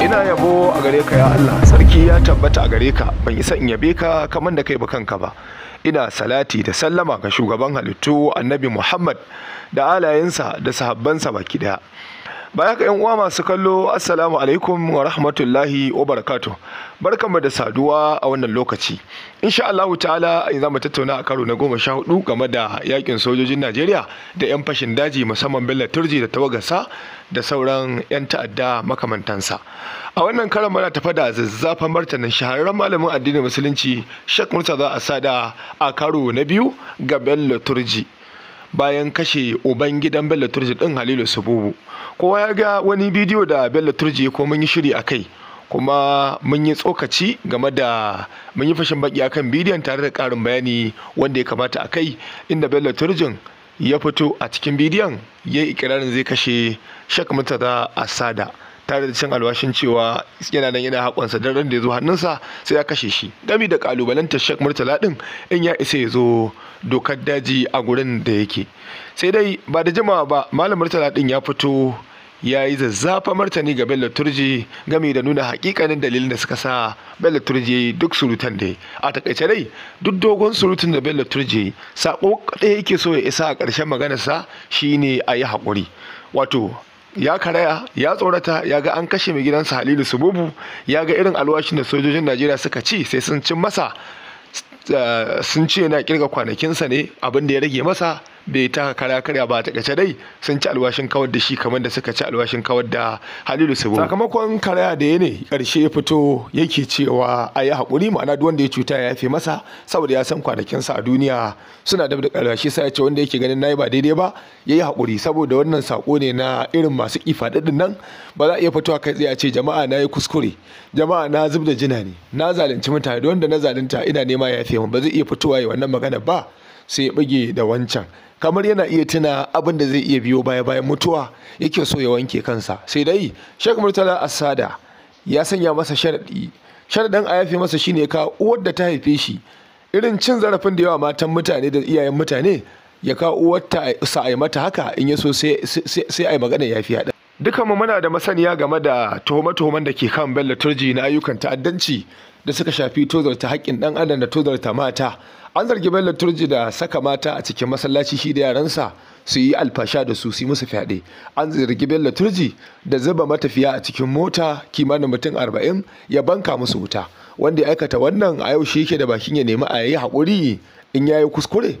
ina yabo a gare ka ya Allah sarki ya tabbata a gare ka ban isa in yabe ka kamar da kai ba kanka ba ina salati da sallama ga shugaban halittu annabi Muhammad da alayensa da sahabbansa baki daya baya ka 'yan uwa masu kallo assalamu alaikum wa rahmatullahi wa barakatu barkanmu da saduwa a wannan lokaci insha Allah ta'ala za mu tattauna a karo na goma sha hudu game da yakin sojojin Najeriya da 'yan fashin daji musamman Bello Turji da Tawagasa da sauran 'yan ta'adda makamantansa a wannan karan muna tafa da zazzafan martanin shahararren malamin addinin musulunci Sheikh Murtaza Asada a karo na biyu ga Bello Turji bayan kashe uban gidan Bello Turji din Halilu Sububu kowa ya ga wani bidiyo da bello turji ko mun yi shiri a kai kuma mun yi tsokaci game da mun yi fashin baki akan bidiyon tare da karin bayani wanda ya kamata a kai inda bello turjin ya fito a cikin bidiyon ya yi ikirarin zai kashe shak mutata sada tare da cin alwashin cewa yana nan yana hakonsa don ran da ya zo hannunsa sai ya kashe shi gami da kalubalantar shak murtala ɗin, in ya isa ya zo dokar daji a gurin da yake sai dai ba da jimawa ba malam murtala din ya fito ya yi zazzafa martani ga bello turji game da nuna hakikanin dalilin da suka sa bello turji duk surutan da a takaice dai duk dogon surutun da bello turji sako kaɗai yake so ya isa a ƙarshen maganarsa shine a yi haƙuri wato ya karaya ya tsorata ya ga an kashe mai gidansa halilu sububu ya ga irin alwashin da sojojin najeriya suka ci sai sun cin masa eh, sun ce yana kirga kwanakinsa ne abin da ya rage masa bai taka kara karya ba ta kace dai sun ci alwashin kawar da shi kamar da suka ci alwashin kawar da Halilu Sabo sakamakon karaya da ne karshe ya fito yake cewa ayi hakuri ma'ana duk wanda ya cuta ya yafe masa saboda ya san kwanakin sa a duniya suna da karya shi sai ya ce wanda yake ganin nayi ba daidai ba yayi hakuri saboda wannan sako ne na irin masu kifa dadin nan ba za a iya fitowa kai tsaye a ce jama'a na yi kuskure jama'a na zub da jina ne na zalunci mutane wanda na zalunta ina nema ya yafe ba zai iya fitowa yi wannan magana ba sai ya bige da wancan kamar yana iya tuna abin da zai iya biyo baya bayan mutuwa yake so ya wanke kansa sai dai Sheikh Murtala Asada ya sanya masa sharadi sharadin a yafe masa shine ka uwar da ta haife shi irin cin zarafin da yawa matan mutane da iyayen mutane ya kawo uwar ta sa ai mata haka in ya so sai ai magana yafiya din duka mu muna da masaniya game da tuhume-tuhumen da ke kan Bello Turji na ayyukan ta'addanci da suka shafi tozarta haƙƙin ɗan adam da tozarta mata an zargi bello turji da saka mata a cikin masallaci shi da yaransa su yi alfasha da su su musu fyaɗe an zargi bello turji da zuba matafiya a cikin mota kimanin mutum arba'in ya banka musu wuta wanda ya aikata wannan a yau shi yake da bakin ya nemi a yayi haƙuri in ya yi kuskure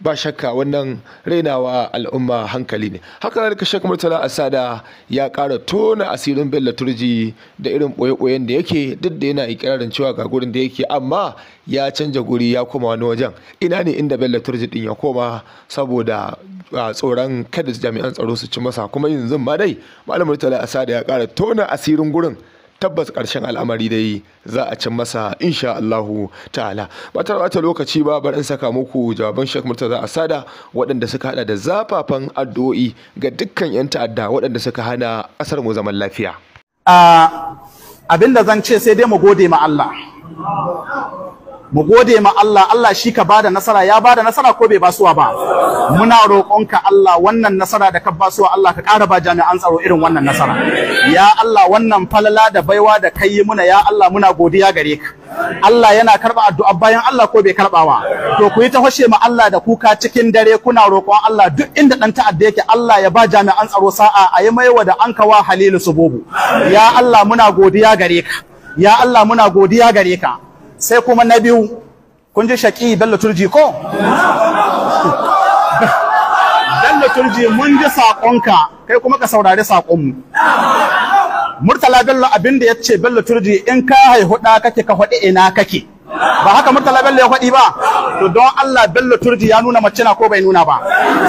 ba shakka wannan rainawa al'umma hankali ne haka kashe kamar murtala asada ya kara tona asirin bello turji da irin ɓoye-ɓoyen da yake duk da yana ikirarin cewa ga gurin da yake amma ya canja guri ya koma wani wajen ina ne inda bello turji din ya koma saboda a tsoron kada jami'an tsaro su ci masa kuma yanzu ma dai malam murtala asada ya kara tona asirin gurin tabbas ƙarshen al'amari dai za a cin masa insha Allahu ta'ala ba ta bata lokaci ba bari in saka muku jawaban Sheikh Murtaza Asada waɗanda suka hada da zafafan addu'o'i ga dukkan 'yan ta'adda waɗanda suka hana ƙasar mu zaman lafiya ah, abinda zan ce sai dai mu gode ma Allah mu gode ma Allah Allah shi ka bada nasara ya bada nasara ko bai basuwa ba muna roƙonka Allah wannan nasara da ka basuwa Allah ka ƙara ba jami'an tsaro irin wannan nasara ya Allah wannan falala da baiwa da kai muna ya Allah muna godiya gare ka Allah yana karɓa addu'a bayan Allah ko bai karɓawa to ku yi ta hoshe ma Allah da kuka cikin dare kuna roƙon Allah duk inda dan ta'adda yake Allah ya ba jami'an tsaro sa'a a yi maiwa da an kawa Halilu Sububu ya Allah muna godiya gare ka ya Allah muna godiya gare ka sai kuma na biyu kun ji shaƙi bello turji ko bello turji mun ji saƙonka kai kuma ka saurari saƙonmu murtala bello abinda ya ce bello turji in ka haihu ɗa kake ka faɗi ina kake ba haka murtala bello ya faɗi ba to don Allah bello turji ya nuna mace ko bai nuna ba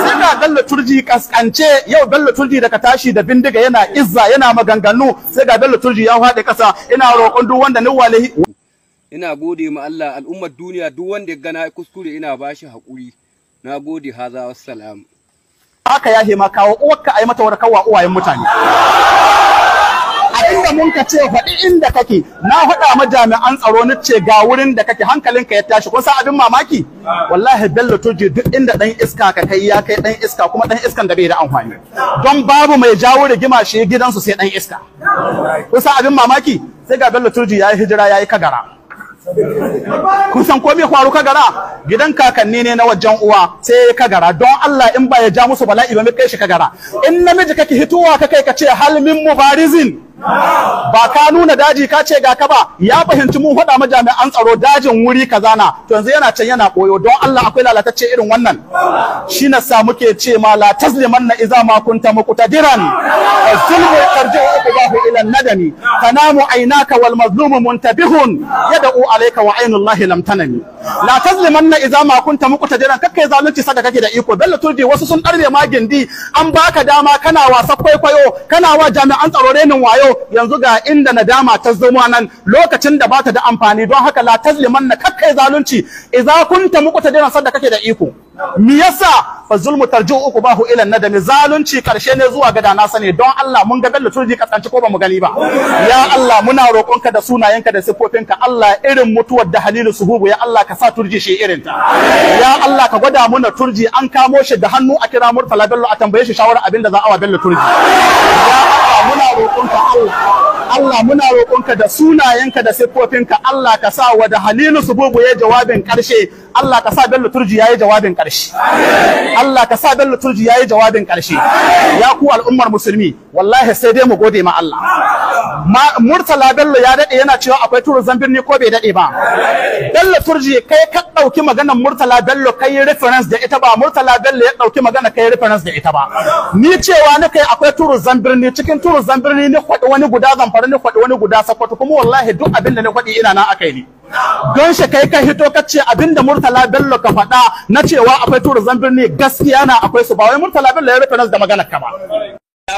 sai ga bello turji kaskance yau bello turji daga tashi da bindiga yana izza yana maganganu sai ga bello turji ya faɗi ƙasa ina roƙon duk wanda ni wale ina gode ma Allah al'ummar duniya duk wanda ya gana kuskure ina bashi haƙuri na gode haza wassalam haka yahe ma kawo uwarka ai mata wa uwayen mutane abinda mun ka ce faɗi inda kake na faɗa ma jami'an tsaro na ce ga wurin da kake hankalinka ya tashi kun san abin mamaki wallahi bello toje duk inda dan iska ka kai ya kai dan iska kuma dan iskan da bai da amfani don babu mai jawo rigima shi gidansu sai dan iska kun san abin mamaki sai ga bello toje ya yi hijira ya yi kagara kun san ko me faru kagara gidan kakanni ne na wajen uwa sai kagara don Allah in ba ya ja musu bala'i ba mai kai shi kagara in namiji kake hitowa ka kai ka ce hal min mubarizin ba ka nuna daji ka ce ga ka ba ya fahimci mun faɗa majami'an tsaro dajin wuri kaza na to yanzu yana can yana koyo don Allah akwai lalatacce irin wannan shi na sa muke ce ma la tazliman na iza ma kunta muqtadiran zulmu tarji'u uqbahu ila nadami tanamu aynaka wal mazlumu muntabihun yad'u alayka wa aynullahi lam tanami la tazliman na iza ma kunta muqtadiran kake zalunci saka kake da iko dalla turdi wasu sun darbe ma an baka dama kana wasa kwaikwayo kana wa jami'an tsaro renin wayo yau yanzu ga inda nadama ta zama nan lokacin da bata da amfani don haka la tazliman na kakkai zalunci idza kunta muqtadiran sadda kake da iko me yasa fa zulmu tarju'u qubahu ila nadami zalunci karshe ne zuwa ga dana sane don Allah mun ga bello turji katsanci ko ba mu gani ba ya Allah muna roƙonka da sunayenka da sifofinka Allah irin mutuwar da Halilu Suhubu ya Allah ka sa turji shi irin ta ya Allah ka gwada muna turji an kamo shi da hannu a kira murtala bello a tambaye shi shawara abinda za a wa bello turji ya roƙonka Allah Allah muna roƙonka da sunayenka da siffofinka Allah ka sa wa da Halilu Sububu ya jawabin ƙarshe Allah ka sa Bello Turji yayi jawabin ƙarshe Allah ka sa Bello Turji yayi jawabin ƙarshe ya ku al'ummar musulmi wallahi sai dai mu gode ma Allah Murtala Bello ya dade yana cewa akwai zan birni ko bai dade ba Bello Turji kai ka dauki maganar Murtala Bello kai reference da ita ba Murtala Bello ya dauki magana kai reference da ita ba ni cewa ni kai akwai zan birni cikin zan birni ni kwadi wani guda zamfara ni kwadi wani guda sakwato kuma wallahi duk abin da ni kwadi ina na akai ni. don shi kai ka hito ka ce abinda Murtala Bello ka faɗa na cewa akwai tura birni gaskiya na akwai su ba wai Murtala Bello ya rufe nas da magana ka ba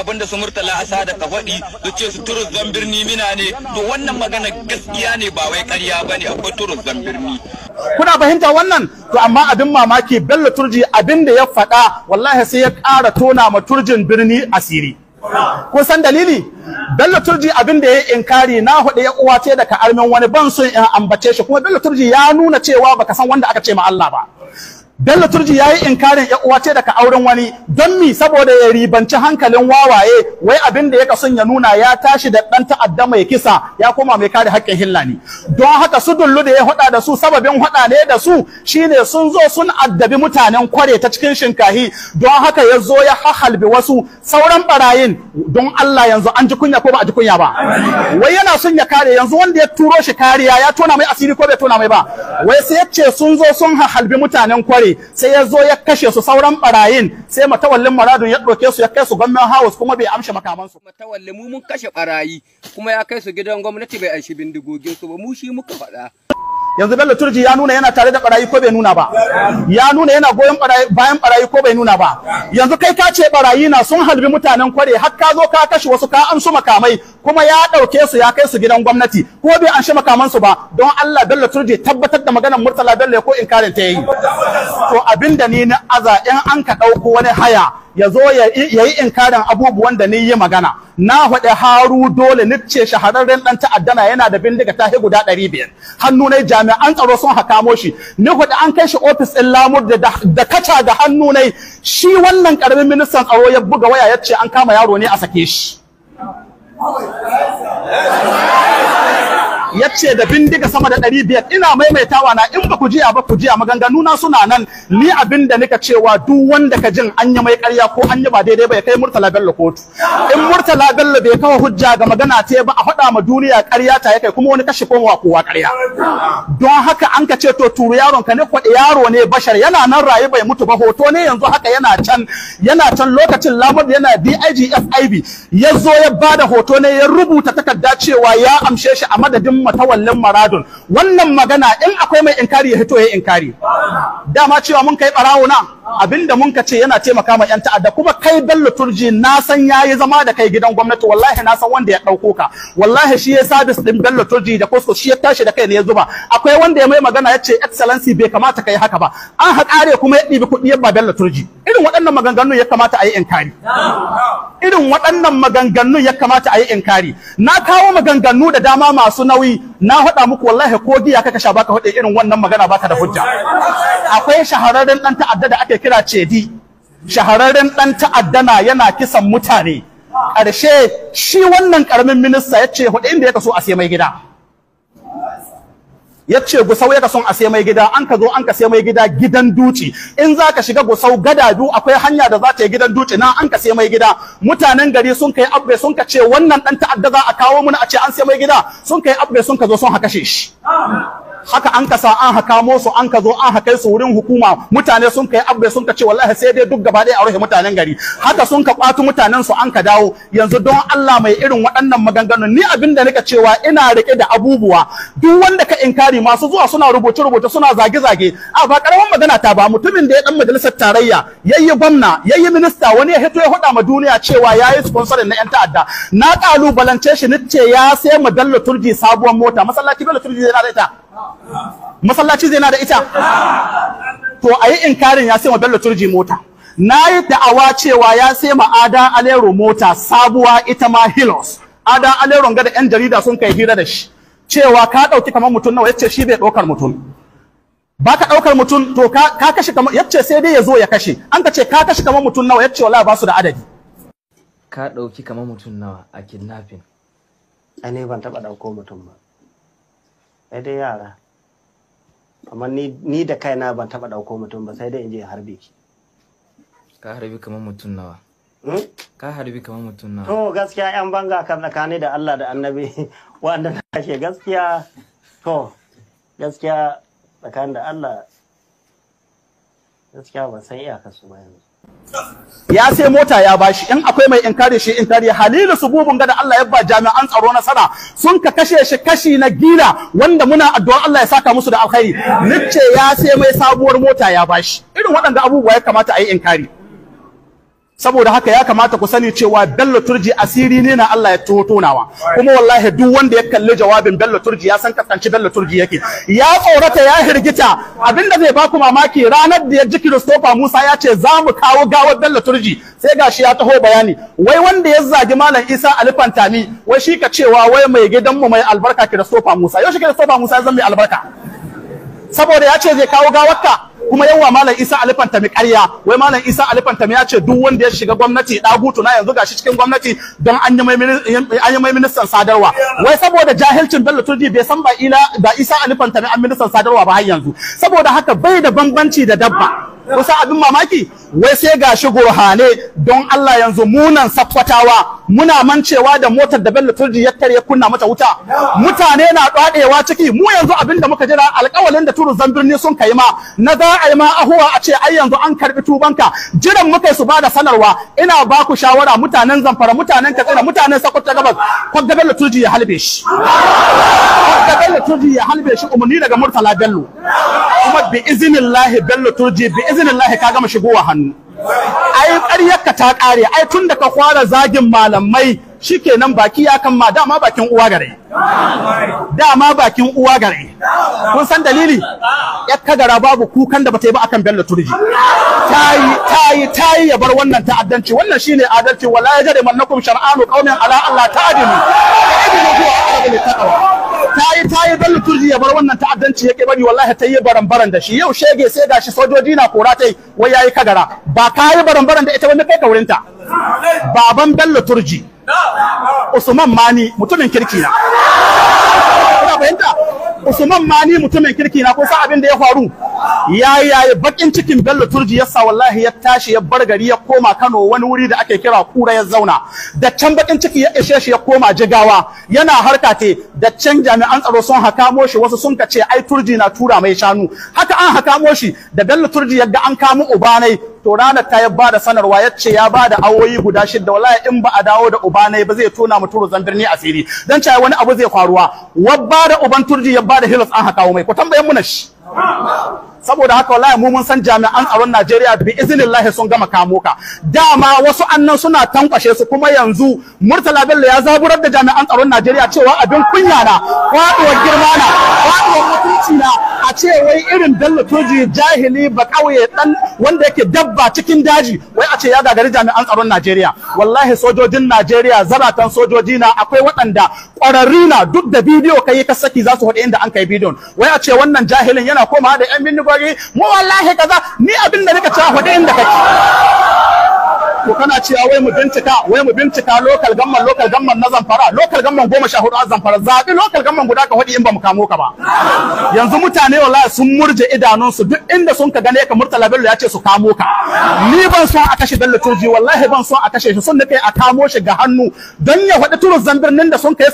abin da su murtala asa da ka faɗi su ce su turus zan birni mina ne to wannan magana gaskiya ne ba wai ƙarya ba ne akwai turus zan birni kuna fahimta wannan to amma abin mamaki bello turji abin da ya faɗa wallahi sai ya ƙara tona ma turjin birni asiri kun san dalili bello turji abin da ya inkari na hudu ya uwa ce daga armin wani ban son in ambace shi kuma bello turji ya nuna cewa baka san wanda aka ce ma Allah ba Bello Turji ya yi inkarin ya uwace daga auren wani don mi saboda ya ribanci hankalin wawaye wai abin da ya kasun ya nuna ya tashi da ɗan ta'adda mai kisa ya koma mai kare haƙƙin hilla ne don haka su dullu da ya haɗa da su sababin haɗa ne da su shine sun zo sun addabi mutanen kware ta cikin shinkahi don haka ya zo ya hahalbi wasu sauran barayin don Allah yanzu an ji kunya ko ba a ji kunya ba wai yana son ya kare yanzu wanda ya turo shi kariya ya tona mai asiri ko bai tona mai ba wai sai ya ce sun zo sun hahalbi mutanen kware boye sai ya zo ya kashe su sauran barayin sai matawallin maradun ya ɗauke su ya kai su gwamnan house kuma bai amshe makamansu. Matawallin mu mun kashe barayi kuma ya kai su gidan gwamnati bai aishi bindigogin su ba mu shi muka faɗa. yanzu bello turji ya nuna yana tare da barayi ko bai nuna ba ya nuna yana goyon bayan barayi ko bai nuna ba yanzu kai ka ce barayi na sun halbi mutanen kware har ka zo ka kashe wasu ka amsu makamai kuma ya dauke su ya kai su gidan gwamnati ko bai amshi makaman su ba don Allah bello turji tabbatar da maganar murtala bello ko inkarin ta yi to abinda ni na aza in an ka dauko wani haya ya zo ya yi inkarin abubuwan da ni yi magana na faɗi haru dole ni ce shahararren ɗan ta'addana yana da bindiga ta guda ɗari biyar hannu ne jami'an tsaro sun hakamo shi ni faɗi an kai shi ofis ɗin lamur da kaca da hannu ne shi wannan ƙaramin ministan tsaro ya buga waya ya ce an kama yaro ne a sake shi ya ce da bindiga sama da ɗari biyar ina maimaitawa na in ba ku jiya ba ku jiya maganganu na suna nan ni abin da nika cewa duk wanda ka jin an yi mai ƙarya ko an yi ba daidai ba ya kai murtala bello kotu in murtala bello bai kawo hujja ga magana ta ba a faɗa ma duniya ƙarya ta ya kai kuma wani kashe kowa kowa ƙarya don haka an ka ce to turu yaron ka ne ko yaro ne bashar yana nan rayu bai mutu ba hoto ne yanzu haka yana can yana can lokacin lamar yana digfib FIB ya zo ya bada hoto ne ya rubuta takarda cewa ya amshe shi a madadin watawallin maradun wannan magana in akwai mai inkari ya hito ya inkari dama cewa mun kai barawo na abinda mun ka ce yana taimaka ma yan ta'adda kuma kai bello turji na san yayi zama da kai gidan gwamnati wallahi na san wanda ya dauko ka wallahi shi ya service din bello turji da kosko shi ya tashi da kai ne ya zuba akwai wanda ya mai magana ya ce excellency bai kamata kai haka ba an haƙare kuma ya ɗibi kuɗi yabba ba bello turji irin waɗannan maganganun ya kamata a yi inkari irin waɗannan maganganun ya kamata a yi inkari na kawo maganganu da dama masu nauyi na faɗa muku wallahi ko giya ka sha baka faɗe irin wannan magana baka da hujja akwai shahararren dan ta'adda da ake kira cedi shahararren dan ta'adda na yana kisan mutane ƙarshe shi wannan karamin minista ya ce hudu inda ya kaso a sai mai gida yace gusau yaka son a sai mai gida an ka zo an ka sai mai gida gidan duci in zaka shiga gusau gadadu akwai hanya da za ta yi gidan duci na an ka sai mai gida mutanen gari sun kai abbe sun ka ce wannan dan ta'adda za a kawo mun a ce an sai mai gida sun kai abbe sun ka zo sun haka shi haka an kasa an haka su an ka zo an haka su wurin hukuma mutane sun kai abbe sun ka ce wallahi sai dai duk gaba ɗaya a rufe mutanen gari haka sun ka kwatu mutanen su an ka dawo yanzu don Allah mai irin waɗannan maganganun ni abin da nika cewa ina rike da abubuwa duk wanda ka inkari masu zuwa suna rubuce-rubuce suna zage-zage a ba karamin magana ta ba mutumin da ya dan majalisar tarayya yayi gwamna yayi minista wani ya hito ya hada ma duniya cewa yayi sponsorin na yan ta'adda na kalubalance shi nace ya sai madalla turji sabuwar mota masallaci dole turji zai na da ita masallaci zai na da ita to ayi inkarin ya sai madalla turji mota na yi da'awa cewa ya sai ada alero mota sabuwa ita ma hilos ada alero ga da yan jarida sun kai hira da shi cewa ka ɗauki kamar mutum nawa yace shi bai ɗaukar mutum ba ka ɗaukar mutum to ka kashe kamar yace sai dai ya zo ya kashe an ka ce ka kashe kamar mutum nawa yace wallahi ba su da adadi ka ɗauki kamar mutum nawa a kidnapping ai ne ban taɓa ɗauko mutum ba sai dai yara amma ni da kaina ban taɓa ɗauko mutum ba sai dai in je harbi ki ka harbi kamar mutum nawa Hmm? ka harbi kamar mutum na to gaskiya yan banga kan tsakani da Allah da annabi wanda na kashe gaskiya to gaskiya tsakanin da Allah gaskiya ban san iyakar su ba yanzu ya sai mota ya bashi in akwai mai kare shi inkari halilu sububun ga da Allah ya ba jami'an tsaro na sana sun ka kashe shi kashi na gila wanda muna addu'a Allah ya saka musu da alkhairi nice ya sai mai sabuwar mota ya bashi irin waɗanda abubuwa ya kamata a yi kare. saboda haka ya kamata ku sani cewa Bello Turji asiri ne na Allah ya tuho tonawa kuma wallahi duk wanda ya kalli jawabin Bello Turji ya san kaskanci Bello Turji yake ya tsorata ya hirgita abinda zai baku mamaki ranar da ya ji Christopher Musa ya ce za mu kawo gawar Bello Turji sai gashi ya taho bayani wai wanda ya zagi Malam Isa fantami? wai shi ka cewa wai mai gidan mu mai albarka Christopher Musa yau shi Christopher Musa ya zama mai albarka saboda ya ce zai kawo gawarka kuma yawa malam Isa Alifanta mai karya wai malam Isa Alifanta mai ya ce duk wanda ya shiga gwamnati dagutu na yanzu gashi cikin gwamnati don an yi mai ministan sadarwa wai saboda jahilcin Bello Turdi bai san ba ila da Isa Alifanta mai an ministan sadarwa ba har yanzu saboda haka bai da bambanci da dabba kusa abin mamaki wai sai ga shi gurhane don Allah yanzu munan sakwatawa, muna mancewa da motar da Bello Turdi ya tare kunna mata wuta mutane na dadewa ciki mu yanzu abinda muka jira alƙawalin da Turu Zambirni sun kai ma na za a yi ma ahuwa a ce ai yanzu an karbi tubanka jiran muka su bada sanarwa ina ba ku shawara mutanen zamfara mutanen katsina mutanen ta gabas kwadda bello tuji ya halbe shi kwadda bello tuji ya halbe shi umarni daga murtala bello kuma bi izinillahi bello tuji bi izinillahi ka gama shigowa hannu ai ka ta ƙare ai tun da ka fara zagin malamai shikenan baki ya kan ma dama bakin uwa gare dama bakin uwa gare kun san dalili Ya kagara babu kukan da bata yi ba akan bello turji tayi tayi tayi ya bar wannan ta'addanci wannan shine adalci wala ya jare mannakum shar'anu qaumin ala Allah ta'adilu ta'adilu huwa aqrabu littaqwa tayi tayi bello turji ya bar wannan ta'addanci yake bari wallahi ta yi barambaran da shi yau shege sai gashi sojoji na kora tai wai yayi kagara ba kayi barambaran da ita wani kai kaurinta baban bello turji Usman Mani mutumin kirki na. Kuna fahimta? Usman Mani mutumin kirki na ko sa abin da ya faru yayi yayi bakin cikin Bello Turji yasa wallahi ya tashi ya bar gari ya koma Kano wani wuri da ake kira Kura ya zauna da can bakin ciki ya ishe shi ya koma Jigawa yana harka te da can jami'an tsaro sun hakamo shi wasu sun kace ai Turji na tura mai shanu haka an hakamo shi da Bello Turji ga an kamo ubanai to ranar ta ya da sanarwa ya ce ya bada awoyi guda shida wallahi in ba a dawo da ubanai ba zai tona mu muturu zandarni asiri dan cewa wani abu zai faruwa wabba da uban turji ya bada hilas an hakawo mai ko tambayan mu na shi 好 saboda haka wallahi mu mun san jami'an tsaron Najeriya bi iznillahi sun gama kamo ka dama wasu annan suna tankwashe su kuma yanzu Murtala Bello ya zaburar da jami'an tsaron Najeriya cewa abin kunya na faduwar girma na faduwar mutunci na a ce wai irin dallatoji jahili ba kauye dan wanda yake dabba cikin daji wai a ce ya gagari jami'an tsaron Najeriya wallahi sojojin Najeriya zaratan sojoji na akwai waɗanda ƙwararri na duk da bidiyo kai ka saki za su haɗe inda an kai bidiyon wai a ce wannan jahilin yana komawa da yan bindigo bari mu wallahi kaza ni abin da nake cewa faɗi inda kake ko kana cewa wai mu bincika wai mu bincika local gamman local gamman na zamfara local gamman goma sha hudu a zamfara zaɓi local gamman guda ka faɗi in ba mu kamo ka ba yanzu mutane wallahi sun murje idanunsu duk inda sun ka gane ka murtala bello ya ce su kamo ka ni ban so a kashe bello turji wallahi ban so a kashe shi sun kai a kamo shi ga hannu don ya turu turus nan da sun kai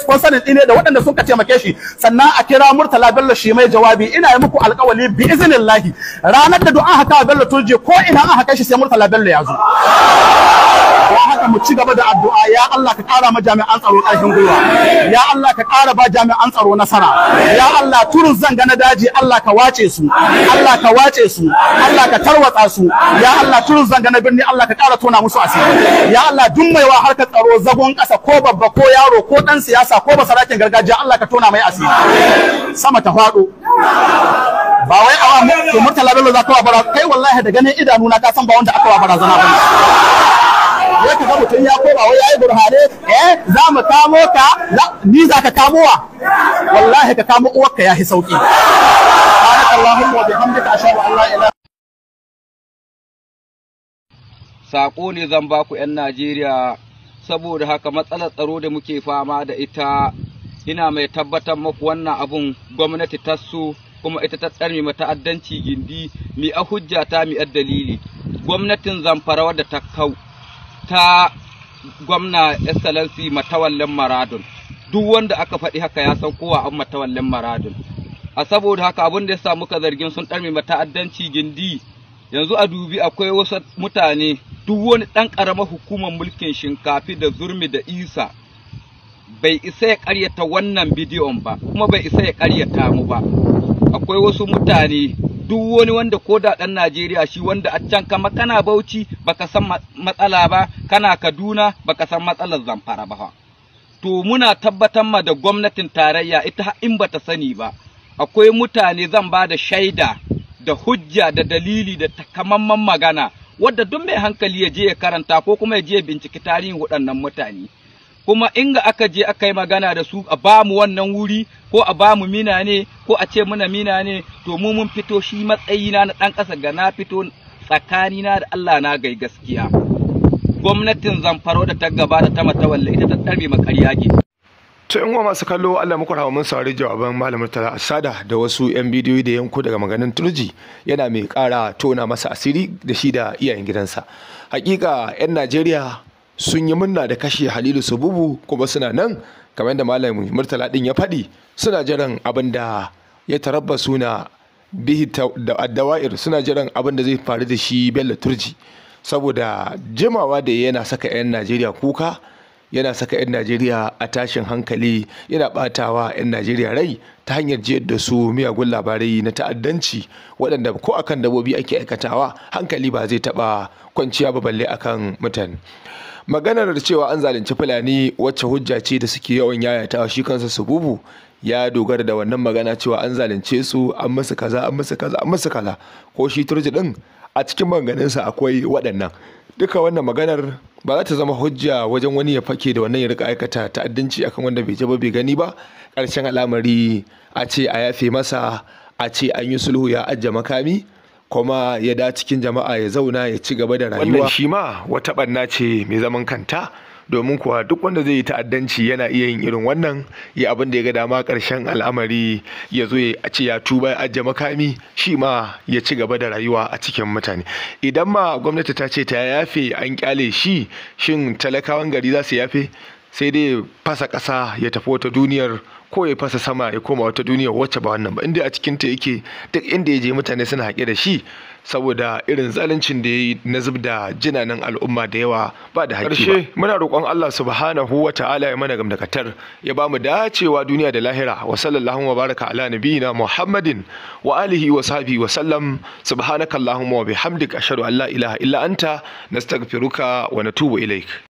din ne da waɗanda sun ka taimake shi sannan a kira murtala bello shi mai jawabi ina yi muku alƙawali bi izinillahi ranar da du'a haka bello turji ko ina an haka shi sai murtala bello ya zo haka mu ci gaba da addu'a ya Allah ka ƙara ma jami'an tsaro ƙarfin gwiwa ya Allah ka ƙara ba jami'an tsaro nasara ya Allah turun zanga na daji Allah ka wace su Allah ka wace su Allah ka tarwatsa su ya Allah turun zanga na birni Allah ka ƙara tona musu asiri ya Allah duk mai wa harkar tsaro zagon ƙasa ko babba ko yaro ko ɗan siyasa ko basarakin gargajiya Allah ka tona mai asiri sama ta faɗo ba wai awa to murtala bello za ka wa barazana kai wallahi da ganin idanu na ka san ba wanda aka wa barazana ba ya ka ga mutum ya koma wai yayi burhane eh za mu kamo ka ni za ka kamo wa wallahi ka kamo uwarka yahi sauki subhanakallahumma wa bihamdika ashhadu an la ilaha Saƙo ne zan ba ku 'yan Najeriya saboda haka matsalar tsaro da muke fama da ita ina mai tabbatar muku wannan abun gwamnati tasu kuma ita ta tsarmi ta'addanci, gindi mi a hujja ta mi a dalili gwamnatin zamfara wadda ta kau ta gwamna excellency matawallin maradun duk wanda aka faɗi haka ya san kowa an matawallin maradun a saboda haka abin da ya samu muka zargin sun ma mata'addanci gindi yanzu a dubi akwai wasu mutane duk wani ɗan ƙaramar hukumar mulkin shinkafi da zurmi da isa bai isa ya ƙaryata wannan bidiyon ba kuma bai isa ya ƙaryata mu ba akwai wasu mutane duk wani wanda ko da ɗan Najeriya shi wanda a can kama kana Bauchi baka san matsala ba kana Kaduna baka san matsalar Zamfara ba to muna tabbatar ma da gwamnatin tarayya ita in bata sani ba akwai mutane zan ba da shaida da hujja da dalili da takamamman magana wadda duk mai hankali ya je ya karanta ko kuma ya je ya binciki tarihin waɗannan mutane kuma inga aka je aka yi magana da su a bamu wannan wuri ko a bamu mina ne ko a ce muna mina ne to mu mun fito shi matsayina na ɗan ƙasa ga na fito tsakanina da Allah na gai gaskiya gwamnatin zamfaro da ta gaba da ta matawalla ita ta tsare makarya ke to yan masu kallo Allah muku rahama mun saurari jawaban malamin tara asada da wasu yan bidiyoyi da yanku daga maganin turji yana mai ƙara tona masa asiri da shi da iyayen gidansa hakika yan Najeriya sun yi munna da kashe halilu sububu kuma suna nan kamar yadda malam murtala din ya faɗi suna jiran abin da ya tarabba suna bihi da addawa'ir suna jiran abin da zai faru da shi bello turji saboda jimawa da yana saka 'yan najeriya kuka yana saka 'yan najeriya a tashin hankali yana batawa 'yan najeriya rai ta hanyar jiyar da su miyagun labarai na ta'addanci waɗanda ko akan dabobi ake aikatawa hankali ba zai taɓa kwanciya ba balle akan mutane maganar da cewa an zalunci fulani wacce hujja ce da suke yawan yayata shi kansa sububu ya dogara da wannan magana cewa an zalunce su an musu kaza an musu kaza an musu kaza ko shi turji din a cikin manganinsa akwai waɗannan duka wannan maganar ba za ta zama hujja wajen wani ya fake da wannan ya rika aikata ta'addanci akan wanda bai ji ba bai gani ba ƙarshen al'amari a ce a yafe masa a ce an yi sulhu ya ajja makami kuma ya da cikin jama'a ya zauna ya ci gaba da rayuwa wannan shi ma wata ɓanna ce mai zaman kanta domin kuwa duk wanda zai yi ta'addanci yana iya yin irin wannan ya abin da ya ga dama karshen al'amari ya zo ya ce ya tuba ya ajiye makami shi ma ya ci gaba da rayuwa a cikin mutane idan ma gwamnati ta ce ta yafe an kyale shi shin talakawan gari za su yafe sai dai fasa ƙasa ya tafi wata duniyar ko ya fasa sama ya koma wata duniya wacce ba wannan ba inda a cikin ta yake duk inda ya je mutane suna haƙe da shi saboda irin zaluncin da ya yi na zub da jinanan al'umma da yawa ba da haƙi ba muna roƙon Allah subhanahu wa ta'ala ya mana gamdakatar ya ba mu dacewa duniya da lahira wa sallallahu wa baraka ala nabiyina muhammadin wa alihi wa sahbihi wa sallam subhanakallahumma wa bihamdika ashhadu an la ilaha illa anta nastaghfiruka wa natubu ilaik